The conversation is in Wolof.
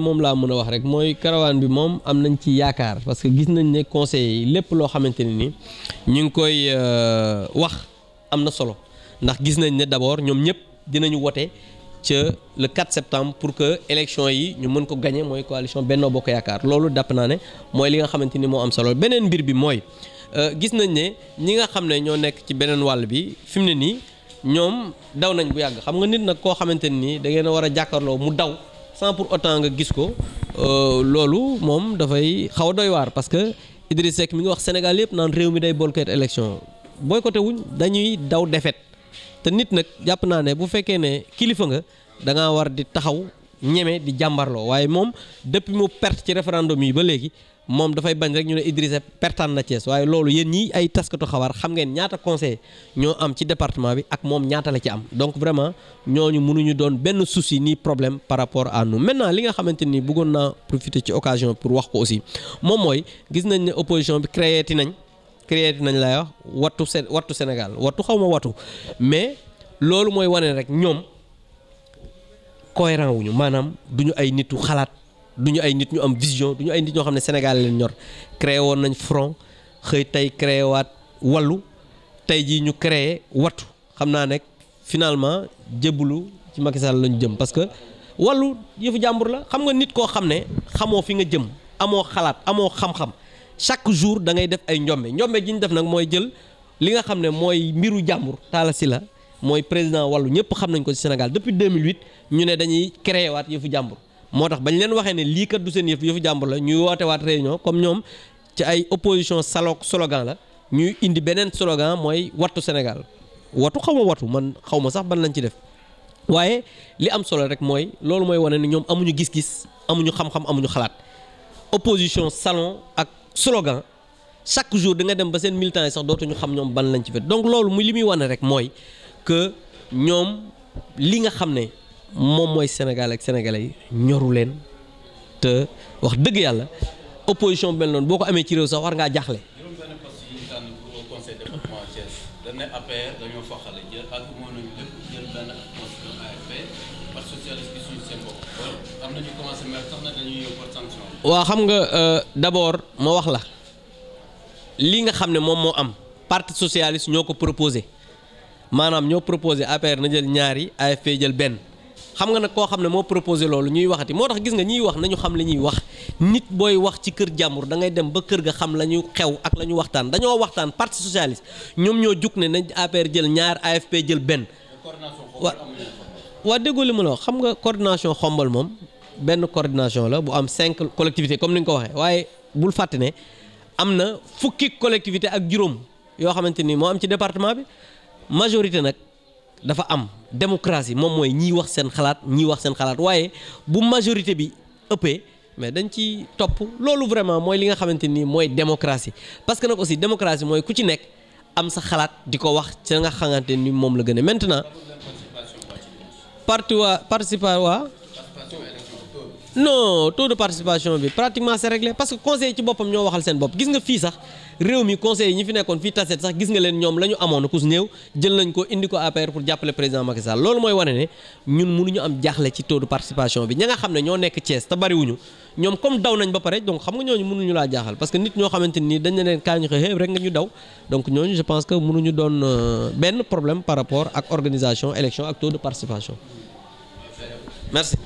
moom laa mën a wax rek mooy karawaan bi moom am nañ ci yaakaar parce que gis nañ ne conseil yi lépp loo xamante ne ni ñu ngi koy euh, wax am na solo ndax gis nañ ne d'abord ñoom ñëpp dinañu wote ca le 4 septembre pour que élection yi ñu mën ko gagner mooy coalition Benno Bokk Yaakaar loolu dàpp naa ne mooy li nga xamante ni moo am solo beneen mbir bi mooy euh, gis nañ ne ñi nga xam ne ñoo nekk ci beneen wàll bi fi mu ne nii ñoom daw nañ bu yàgg xam nga nit nag koo xamante ne nii da ngeen a war a jàkkaarloo mu daw. sans pour autant nga gis ko euh, loolu moom dafay xaw a doy waar parce que Idriss mi ngi wax Sénégal yëpp naan réew mi day boycott élection boycotté wuñ dañuy daw défaite te nit nag jàpp naa ne bu fekkee ne kilifa nga da ngaa war di taxaw ñeme di jàmbarloo waaye moom depuis mu perte ci référendum yi ba léegi moom dafay bañ rek ñu ne Idrissa pertaan na Thiès waaye loolu yéen ñi ay taskatu xabaar xam ngeen ñaata conseil ñoo am ci département bi ak moom ñaata la ci am donc vraiment ñooñu mënuñu doon benn souci ni problème par rapport à nous maintenant li nga xamante ni bëggoon naa profiter ci occasion pour wax ko aussi moom mooy gis nañ ne opposition bi créé ti nañ créé ti nañ lay wax wattu Sénégal wattu Sénégal wattu xaw ma wattu mais loolu mooy wane rek ñoom. cohérent wuñu maanaam du ñu ay nitu xalaat du ñu ay nit ñu am vision du ñu ay nit ñoo xam ne Sénégal leen ñor créé woon nañ front xëy tey créé waat wallu tey jii ñu créé wattu xam naa nekk finalement jébbalu ci Macky Sall lañu jëm parce que wallu yëfu jàmbur la xam nga nit koo xam ne xamoo fi nga jëm amoo xalaat amoo xam-xam chaque jour da ngay def ay njombe njombe ji ñu def nag mooy jël li nga xam ne mooy mbiru jàmbur taala si la mooy président wàllu ñëpp xam nañ ko ci Sénégal depuis 2008 ñu ne dañuy créé waat yëfu jàmbur moo tax bañ leen waxee ni lii kat du seen yëf yëfu jàmbur la ñuy woote waat réunion comme ñoom ci ay opposition salo slogan la ñuy indi beneen slogan mooy wattu Sénégal wattu xaw ma wattu man xaw ma sax ban lañ ci def waaye li am solo rek mooy loolu mooy wane ne ñoom amuñu gis-gis amuñu xam amuñu xalaat opposition salon ak slogan chaque jour da nga dem ba seen militants yi sax dootuñu xam ñoom ban lañ ci fet donc loolu muy li muy wane rek mooy que ñoom li nga xam ne moom mooy Sénégal ak sénégalais ñoru leen te wax dëgg yàlla opposition mel noonu boo ko amee ci réew sax war ngaa jaaxle. waaw xam nga euh, d'abord ma wax la li nga xam ne moom moo am parti socialiste ñoo ko proposé. maanaam ñoo proposé APR na jël ñaari AFP jël benn xam nga nag koo xam ne moo proposé loolu ñuy waxati moo tax gis nga ñiy wax nañu xam li ñuy wax nit booy wax ci kër jàmbur da ngay dem ba kër ga xam la ñu xew ak la ñu waxtaan dañoo waxtaan partie socialiste ñoom ñoo jug ne nañ APR jël ñaar AFP jël benn wa waa déggoo li ma la xam nga coordination xombal moom benn coordination la bu am cinq collectivité comme ni nga ko waxee waaye bul fàtte ne am na fukki collectivité ak juróom yoo xamante ni moo am ci département bi majorité nag dafa am démocratie moom mooy ñii wax seen xalaat ñii wax seen xalaat waaye bu majorité bi ëppee mais dañ ci topp loolu vraiment mooy li nga xamante ni mooy démocratie parce que nag aussi démocratie mooy ku ci nekk am sa xalaat di ko wax ci nga xamante ni moom la gën a maintenant parti waa participa waa non taux de participation bi pratiquement c'est réglé parce que conseil ci boppam ñoo waxal seen bopp gis nga fii sax réew mi conseil yi ñi fi nekkoon fii taset sax gis nga leen ñoom la ñu amoon ku néew jël nañ ko indi ko APR pour jàppale président Macky Sall loolu mooy wane ne ñun mënuñu am jaaxle ci taux de participation bi ña nga xam ne ñoo nekk Thiès te bariwuñu ñoom comme daw nañ ba pare donc xam nga ñooñu mënuñu laa jaaxal parce que nit ñoo xamante ni dañ ne leen kaa ñu xëy rek nga doon euh, benn problème par rapport ak organisation élection ak taux de participation merci